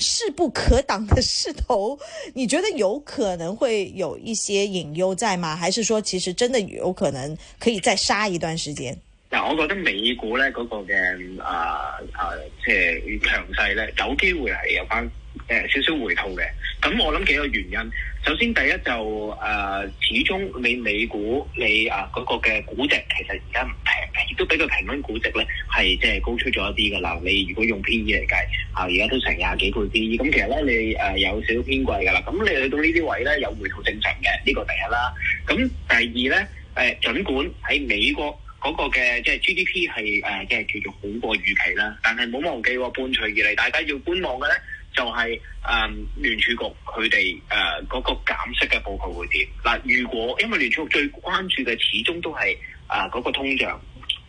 勢不可擋的勢頭，你覺得有可能會有一些隱憂在嗎？還是說其實真的有可能可以再殺一段時間？嗱，我覺得美股咧嗰個嘅啊啊，即係強勢咧，有機會係有翻誒少少回吐嘅。咁我諗幾個原因。首先第一就誒、呃，始終你美股你啊嗰、那個嘅估值其實而家唔平平亦都比較平均估值咧係即係高出咗一啲噶啦。你如果用 P/E 嚟計，啊而家都成廿幾倍 P/E，咁其實咧你誒、啊、有少少偏貴噶啦。咁你去到呢啲位咧有回吐正常嘅，呢、這個第一啦。咁第二咧誒、呃，儘管喺美國嗰個嘅即係 GDP 係即係叫做好過預期啦，但係冇忘記伴隨而嚟，大家要觀望嘅咧。就係、是、誒、嗯、聯儲局佢哋誒嗰個減息嘅步驟會點嗱？如果因為聯儲局最關注嘅始終都係啊嗰個通脹，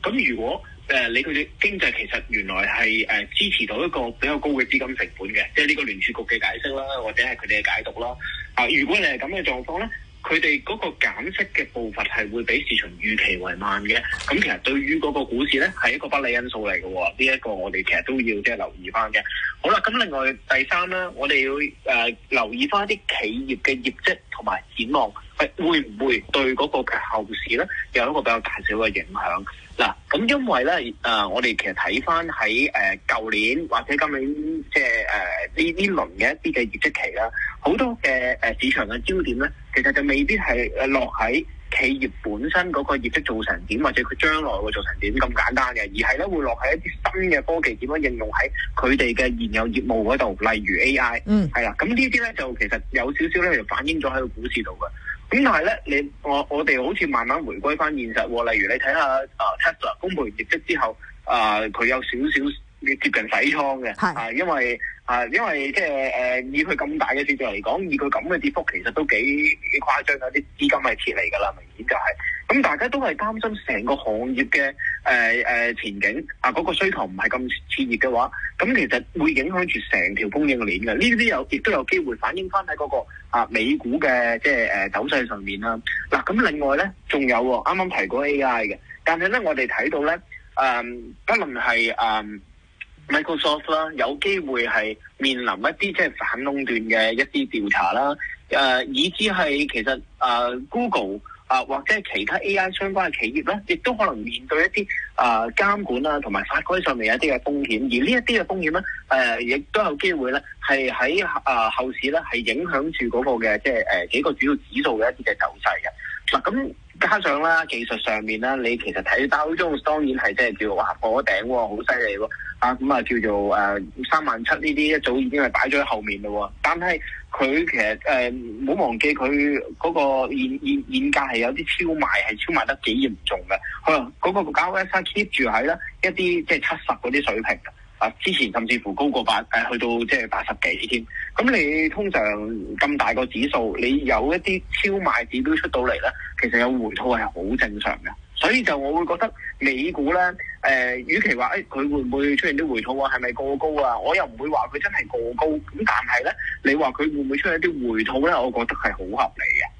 咁如果誒、呃、你佢哋經濟其實原來係誒、呃、支持到一個比較高嘅資金成本嘅，即係呢個聯儲局嘅解釋啦，或者係佢哋嘅解讀啦啊、呃，如果你係咁嘅狀況咧，佢哋嗰個減息嘅步伐係會比市場預期為慢嘅，咁其實對於嗰個股市咧係一個不利因素嚟嘅喎，呢、這、一個我哋其實都要即係留意返嘅。好啦，咁另外第三咧，我哋要、呃、留意翻一啲企業嘅業績同埋展望，係會唔會對嗰個嘅後市咧有一個比較大小嘅影響？嗱，咁因為咧、呃，我哋其實睇翻喺誒舊年或者今年即係誒呢呢輪嘅一啲嘅業績期啦，好多嘅、呃、市場嘅焦點咧，其實就未必係落喺企業本身嗰個業績做成點，或者佢將來會做成點咁簡單嘅，而係咧會落喺一啲新嘅科技點樣應用喺佢哋嘅現有業務嗰度，例如 AI，嗯、係啦。咁呢啲咧就其實有少少咧，就反映咗喺個股市度嘅。咁但係咧，你我我哋好似慢慢回歸翻現實喎。例如你睇下啊 Tesla、呃、公佈業績之後，啊、呃、佢有少少。越接近洗倉嘅，因為啊，因為即係誒，以佢咁大嘅市況嚟講，以佢咁嘅跌幅，其實都幾幾誇張，有啲資金係撤離㗎啦，明顯就係。咁大家都係擔心成個行業嘅誒、呃呃、前景，啊、呃，嗰、那個需求唔係咁熾熱嘅話，咁其實會影響住成條供應鏈嘅。呢啲有亦都有機會反映翻喺嗰個啊美股嘅即係誒走勢上面啦、啊。嗱、啊，咁、啊、另外咧仲有喎、喔，啱啱提過 AI 嘅，但係咧我哋睇到咧，不論係 Microsoft 啦，有機會係面臨一啲即係反壟斷嘅一啲調查啦。誒、啊，以至係其實誒、啊、Google 啊，或者係其他 AI 相關嘅企業咧，亦都可能面對一啲誒、啊、監管啦、啊，同埋法規上面一啲嘅風險。而呢一啲嘅風險咧，誒、啊、亦都有機會咧，係喺誒後市咧係影響住嗰個嘅即係誒幾個主要指數嘅一啲嘅走勢嘅。嗱、啊、咁。加上啦，技術上面啦，你其實睇到當然係即係叫哇破咗頂喎，好犀利喎！啊，咁啊叫做誒、啊、三萬七呢啲一早已經係擺咗喺後面咯喎。但係佢其實誒唔好忘記，佢嗰個現現現價係有啲超賣，係超賣得幾嚴重嘅。嗰、啊那個個交 RSI keep 住喺呢一啲即係七十嗰啲水平。啊！之前甚至乎高過八，誒去到即係八十幾添。咁你通常咁大個指數，你有一啲超賣指標出到嚟咧，其實有回吐係好正常嘅。所以就我會覺得美股咧，誒、呃，與其話佢、欸、會唔會出現啲回吐啊，係咪過高啊？我又唔會話佢真係過高。咁但係咧，你話佢會唔會出現啲回吐咧？我覺得係好合理嘅。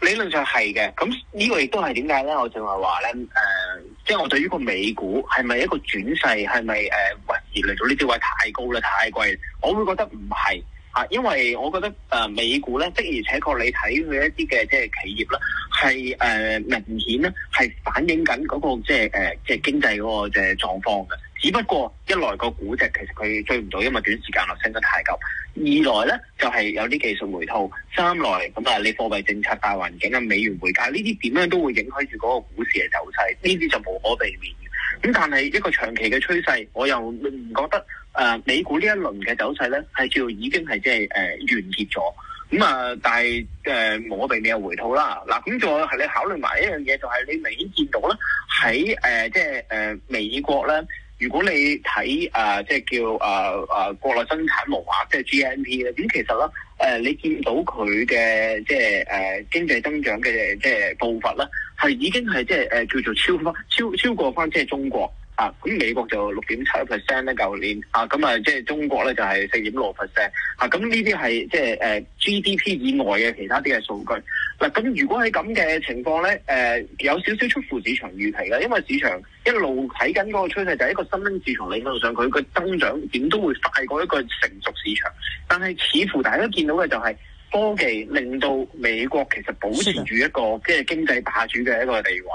理論上係嘅，咁呢個亦都係點解咧？我、呃、就係話咧，誒，即係我對於個美股係咪一個轉勢，係咪誒還是嚟、呃、到呢啲位太高啦、太貴？我會覺得唔係嚇，因為我覺得誒、呃、美股咧，的而且確你睇佢一啲嘅即係企業啦，係誒、呃、明顯咧，係反映緊嗰、那個即係誒即係經濟嗰個嘅狀況嘅。只不過一來個估值其實佢追唔到，因為短時間內升得太急；二來咧就係、是、有啲技術回吐；三來咁啊、嗯，你貨幣政策大環境啊、美元匯價呢啲點樣都會影響住嗰個股市嘅走勢，呢啲就無可避免。咁、嗯、但係一個長期嘅趨勢，我又唔覺得誒、呃、美股呢一輪嘅走勢咧係叫做已經係即係誒完結咗。咁、嗯、啊，但係誒、呃、無可避免回吐啦。嗱、啊，咁仲有係你考慮埋一樣嘢，就係、是、你明顯見到咧喺即係美國咧。如果你睇啊，即係叫啊啊國內生產模啊、嗯，即係 GDP 咧，咁其實咧，誒、呃、你見到佢嘅即係誒經濟增長嘅即係步伐咧，係已經係即係誒叫做超翻超超過翻即係中國啊，咁美國就六點七 percent 咧舊年啊，咁、嗯、啊即係中國咧就係四點六 percent 啊，咁呢啲係即係誒、呃、GDP 以外嘅其他啲嘅數據嗱，咁、啊、如果喺咁嘅情況咧，誒、啊、有少少出乎市場預期啦，因為市場一路睇緊嗰個趨勢，就係一個新興市場理論上佢嘅增長點都會快過一個成熟市場，但係似乎大家都見到嘅就係科技令到美國其實保持住一個即係經濟霸主嘅一個地位。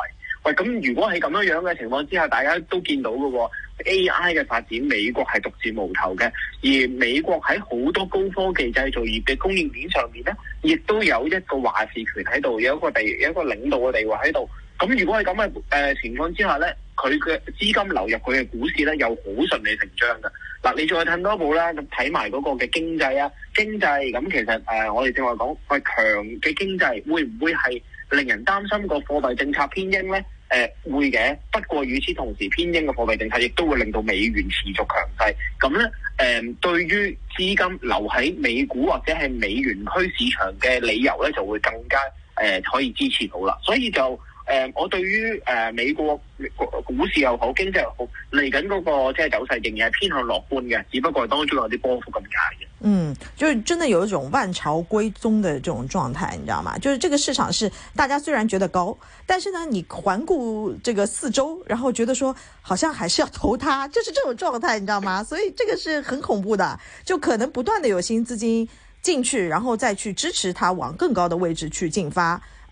喂，咁如果係咁樣樣嘅情況之下，大家都見到嘅喎，AI 嘅發展美國係獨自無頭嘅，而美國喺好多高科技製造業嘅供應鏈上面咧，亦都有一個話事權喺度，有一個地，有一個領導嘅地位喺度。咁如果係咁嘅誒情況之下咧，佢嘅資金流入佢嘅股市咧，又好順理成章噶。嗱，你再睇多一步啦，咁睇埋嗰個嘅經濟啊，經濟咁其實誒，我哋正話講佢強嘅經濟，會唔會係令人擔心個貨幣政策偏鷹咧？誒、呃，會嘅。不過與此同時，偏鷹嘅貨幣政策亦都會令到美元持續強勢。咁咧誒，對於資金留喺美股或者係美元區市場嘅理由咧，就會更加誒、呃、可以支持到啦。所以就。誒，我對於誒美國股市又好，經濟又好，嚟緊嗰個即係走勢仍然係偏向樂觀嘅，只不過當中有啲波幅咁大嘅。嗯，就係真的有一種萬朝歸宗的這種狀態，你知道嗎？就是這個市場是大家雖然覺得高，但是呢，你環顧這個四周，然後覺得說好像還是要投它，就是這種狀態，你知道嗎？所以這個是很恐怖的，就可能不斷的有新資金進去，然後再去支持它往更高的位置去進發。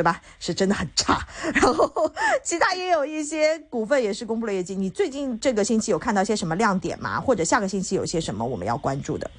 對吧？是真的很差，然後其他也有一些股份也是公布了業績。你最近這個星期有看到些什麼亮點嗎？或者下個星期有些什麼我們要關注的？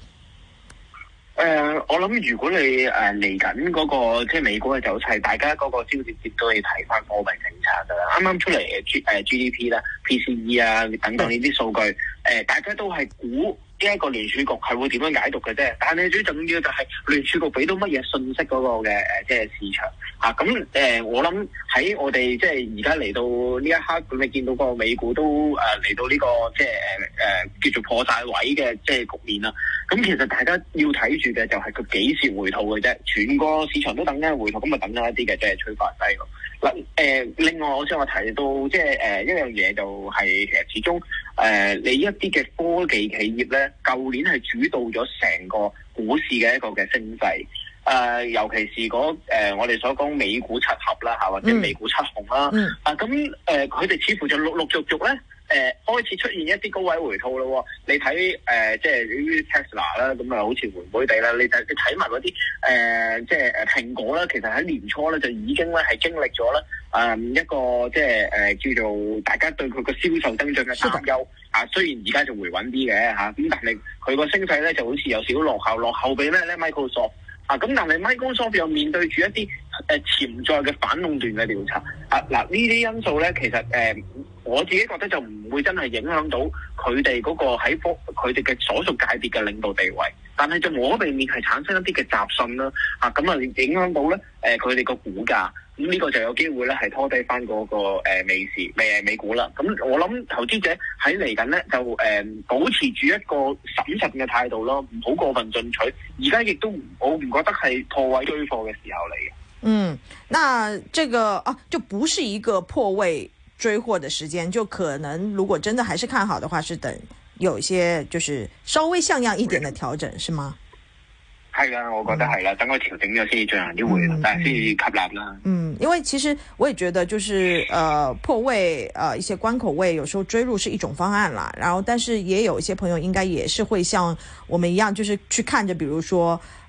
誒、呃，我諗如果你誒嚟緊嗰個即係美國嘅走勢，大家嗰個焦點絕對要睇翻貨幣政策噶啦。啱啱出嚟 G 誒、呃、GDP 啦 PC、啊、PCE 啊等等呢啲數據，誒、呃、大家都係估。呢、這、一個聯儲局係會點樣解讀嘅啫，但係最重要就係聯儲局俾到乜嘢信息嗰個嘅誒，即係市場啊。咁誒、呃，我諗喺我哋即係而家嚟到呢一刻，咁你見到個美股都誒嚟、呃、到呢、這個即係誒叫做破晒位嘅即係局面啦。咁、啊、其實大家要睇住嘅就係佢幾時回吐嘅啫。全個市場都等緊回吐，咁咪等緊一啲嘅即係催化劑咯。嗱，另外，我想我提到，即係誒一樣嘢，就是，就係其實始終，誒、呃，你一啲嘅科技企業咧，舊年係主導咗成個股市嘅一個嘅升勢，誒、呃，尤其是嗰、那個呃、我哋所講美股七合啦，或者美股七雄啦，嗯、啊，咁誒，佢、呃、哋似乎就陸陸續續咧。誒開始出現一啲高位回吐咯，你睇誒、呃、即係 Tesla 啦，咁啊好似回緩地啦。你睇你睇埋嗰啲誒即係誒蘋果啦，其實喺年初咧就已經咧係經歷咗咧啊一個即係誒、呃、叫做大家對佢個銷售增長嘅擔憂啊。雖然而家就回穩啲嘅嚇，咁、啊、但係佢個升勢咧就好似有少少落後，落後俾咩咧 Microsoft 啊？咁但係 Microsoft 又面對住一啲誒潛在嘅反壟斷嘅調查啊！嗱，呢啲因素咧其實誒。呃我自己覺得就唔會真係影響到佢哋嗰個喺科佢哋嘅所屬界別嘅領導地位，但係就無可避免係產生一啲嘅雜訊啦。啊，咁啊，啊，啊影響到咧誒佢哋個股價，咁、嗯、呢、這個就有機會咧係拖低翻嗰個誒美市美美股啦。咁我諗投資者喺嚟緊咧就誒保持住一個審慎嘅態度咯，唔好過分進取。而家亦都我唔覺得係破位追貨嘅時候嚟嘅。嗯，那這個啊就不是一個破位。追貨的時間就可能，如果真的還是看好的話，是等有一些就是稍微像樣一點的調整，是嗎？係啊，我覺得係啦，嗯，等佢調整咗先進行啲回啦，先，嗯、吸納啦。嗯，因為其實我也覺得，就是呃破位呃一些關口位，有時候追入是一種方案啦。然後，但是也有一些朋友應該也是會像我們一樣，就是去看着，比如說。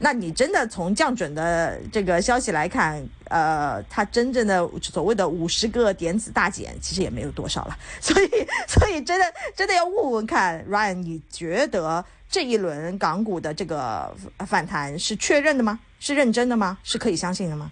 那你真的從降準的這個消息來看，呃，他真正的所謂的五十個點子大減，其實也沒有多少了。所以，所以真的真的要問問看，Ryan，你覺得這一輪港股的這個反彈是確認的嗎？是認真的嗎？是可以相信的嗎？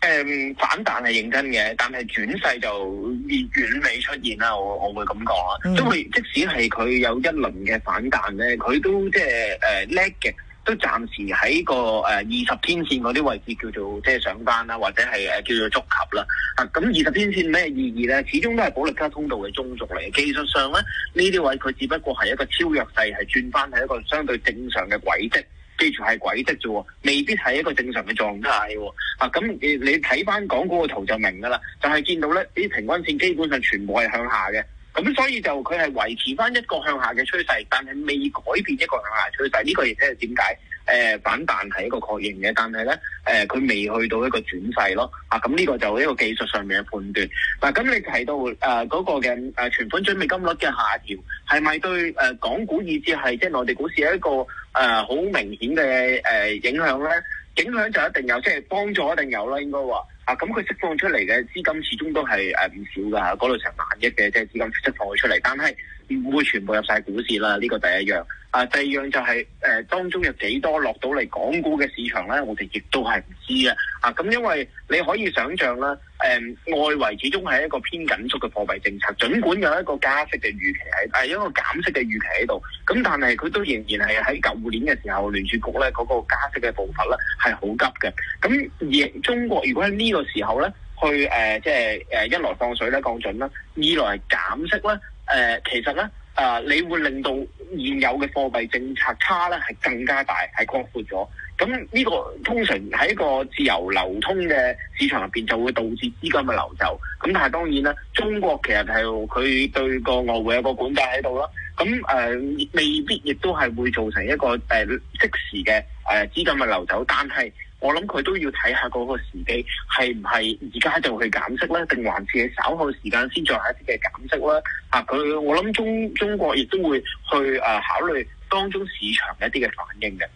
嗯，反彈係認真嘅，但係轉勢就遠未出現啦。我我會咁講，因、嗯、為即使係佢有一輪嘅反彈咧，佢都即係誒叻嘅。呃都暫時喺個誒二十天線嗰啲位置叫做即係上翻啦，或者係誒叫做觸及啦。啊，咁二十天線咩意義咧？始終都係保利加通道嘅中軸嚟。技術上咧，呢啲位佢只不過係一個超弱勢，係轉翻係一個相對正常嘅軌跡，記住係軌跡啫喎，未必係一個正常嘅狀態喎。啊，咁你你睇翻港股嘅圖就明㗎啦。就係見到咧，啲平均線基本上全部係向下嘅。咁所以就佢係維持翻一個向下嘅趨勢，但係未改變一個向下趨勢。呢個亦即係點解誒反彈係一個確認嘅，但係咧誒佢未去到一個轉勢咯。啊，咁呢個就係一個技術上面嘅判斷。嗱、啊，咁你提到誒嗰、呃那個嘅誒存款準備金率嘅下調，係咪對港股以至係即係內地股市係一個誒好、呃、明顯嘅影響咧？影響就一定有，即係幫助一定有啦，應該話。啊，咁佢釋放出嚟嘅資金始終都係誒唔少㗎，嗰度成萬億嘅，即係資金釋放出嚟，但係，唔會全部入晒股市啦，呢、這個第一樣。啊，第二樣就係、是、誒、呃、當中有幾多落到嚟港股嘅市場咧，我哋亦都係唔知嘅。啊，咁因為你可以想象啦，誒、呃、外圍始終係一個偏緊縮嘅貨幣政策，儘管有一個加息嘅預期喺，係、啊、一個減息嘅預期喺度。咁、啊、但係佢都仍然係喺舊年嘅時候，聯儲局咧嗰、那個加息嘅步伐咧係好急嘅。咁而中國如果喺呢個時候咧，去誒即係誒一來放水咧降準啦，二來減息咧。誒、呃，其實咧，啊、呃，你會令到現有嘅貨幣政策差咧，係更加大，係擴闊咗。咁呢個通常喺一個自由流通嘅市場入邊，就會導致資金嘅流走。咁但係當然啦，中國其實係佢對個外匯有一個管制喺度啦。咁誒、呃，未必亦都係會造成一個誒即時嘅誒資金嘅流走，但係。我諗佢都要睇下嗰個時機，係唔係而家就去減息咧，定還是稍後時間先再有一啲嘅減息咧？佢、啊、我諗中中國亦都會去、啊、考慮當中市場一啲嘅反應嘅。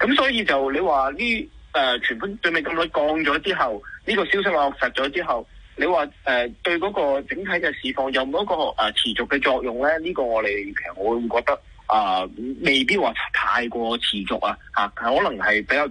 咁所以就你話呢誒存款準備金率降咗之後，呢、呢個消息落實咗之後，你話誒、呃、對嗰個整體嘅市況有冇一個、呃、持續嘅作用咧？呢、呢個我哋其實我會覺得啊、呃，未必話太過持續啊，啊可能係比較。